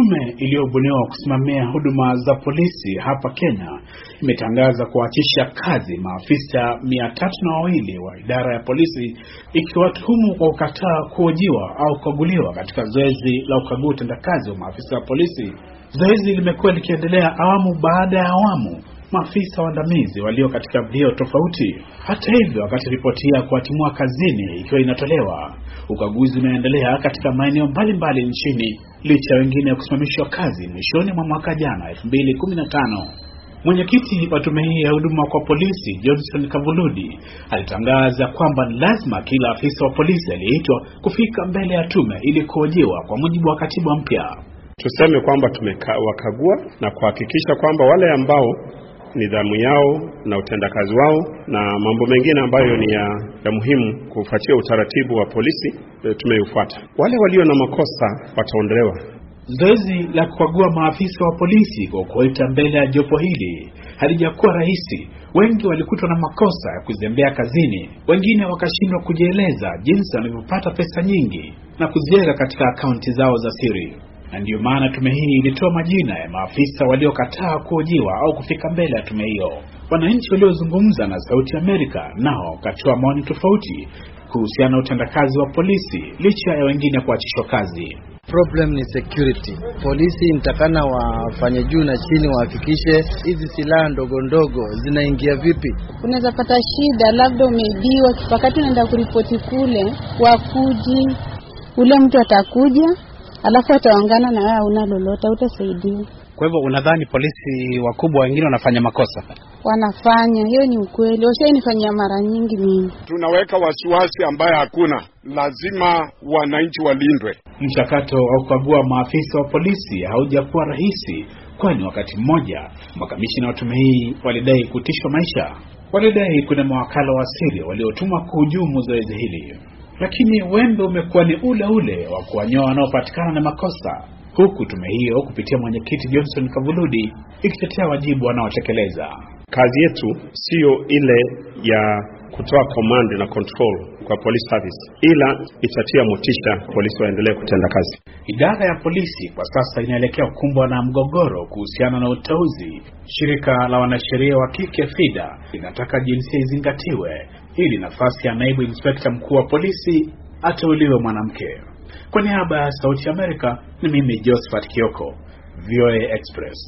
Tume iliyobuniwa kusimamia huduma za polisi hapa Kenya imetangaza kuachisha kazi maafisa mia tatu na wawili wa idara ya polisi ikiwatuhumu kwa kukataa kuojiwa au kukaguliwa katika zoezi la ukagua utendakazi wa maafisa wa polisi. Zoezi limekuwa likiendelea awamu baada ya awamu maafisa waandamizi walio katika vyeo tofauti. Hata hivyo, wakati ripoti ya kuwatimua kazini ikiwa inatolewa, ukaguzi unaendelea katika maeneo mbalimbali nchini, licha ya wengine ya kusimamishwa kazi mwishoni mwa mwaka jana 2015. Mwenyekiti wa tume hii ya huduma kwa polisi Johnson Kavuludi alitangaza kwamba lazima kila afisa wa polisi aliyeitwa kufika mbele ya tume ili kuhojiwa kwa mujibu wa katiba mpya. Tuseme kwamba tumewakagua na kuhakikisha kwamba wale ambao nidhamu yao na utendakazi wao na mambo mengine ambayo ni ya, ya muhimu kufuatia utaratibu wa polisi e, tumeifuata. Wale walio na makosa wataondolewa. Zoezi la kukagua maafisa wa polisi kwa kuwaita mbele ya jopo hili halijakuwa rahisi. Wengi walikutwa na makosa ya kuzembea kazini, wengine wakashindwa kujieleza jinsi wanavyopata pesa nyingi na kuziweka katika akaunti zao za siri na ndiyo maana tume hii ilitoa majina ya maafisa waliokataa kuojiwa au kufika mbele ya tume hiyo. Wananchi waliozungumza na Sauti Amerika nao katoa maoni tofauti kuhusiana na utendakazi wa polisi licha ya wengine kuachishwa kazi. Problem ni security. Polisi nitakana wafanye juu na chini, wahakikishe hizi silaha ndogo ndogo zinaingia vipi. Unaweza pata shida, labda umeibiwa, wakati unaenda kuripoti kule wakuji, ule mtu atakuja alafu ataongana na wewe, hauna lolote, utasaidia. Kwa hivyo unadhani polisi wakubwa wengine wanafanya makosa? Wanafanya, hiyo ni ukweli, washainifanyia mara nyingi mimi. Tunaweka wasiwasi ambaye hakuna, lazima wananchi walindwe. Mchakato wa kukagua maafisa wa polisi haujakuwa rahisi, kwani wakati mmoja makamishina wa tume hii walidai kutishwa maisha. Walidai kuna mawakala wa siri waliotumwa kuhujumu zoezi hili lakini wembe umekuwa ni ule ule wa kuwanyoa wanaopatikana na makosa, huku tume hiyo kupitia mwenyekiti Johnson Kavuludi ikitetea wajibu wanaotekeleza. Kazi yetu siyo ile ya kutoa command na control kwa police service, ila itatia motisha polisi waendelee kutenda kazi. Idara ya polisi kwa sasa inaelekea kukumbwa na mgogoro kuhusiana na uteuzi. Shirika la wanasheria wa kike FIDA linataka jinsia izingatiwe ili nafasi ya naibu inspekta mkuu wa polisi ateuliwe mwanamke. Kwa niaba ya Sauti ya Amerika, ni mimi Josephat Kioko, VOA Express.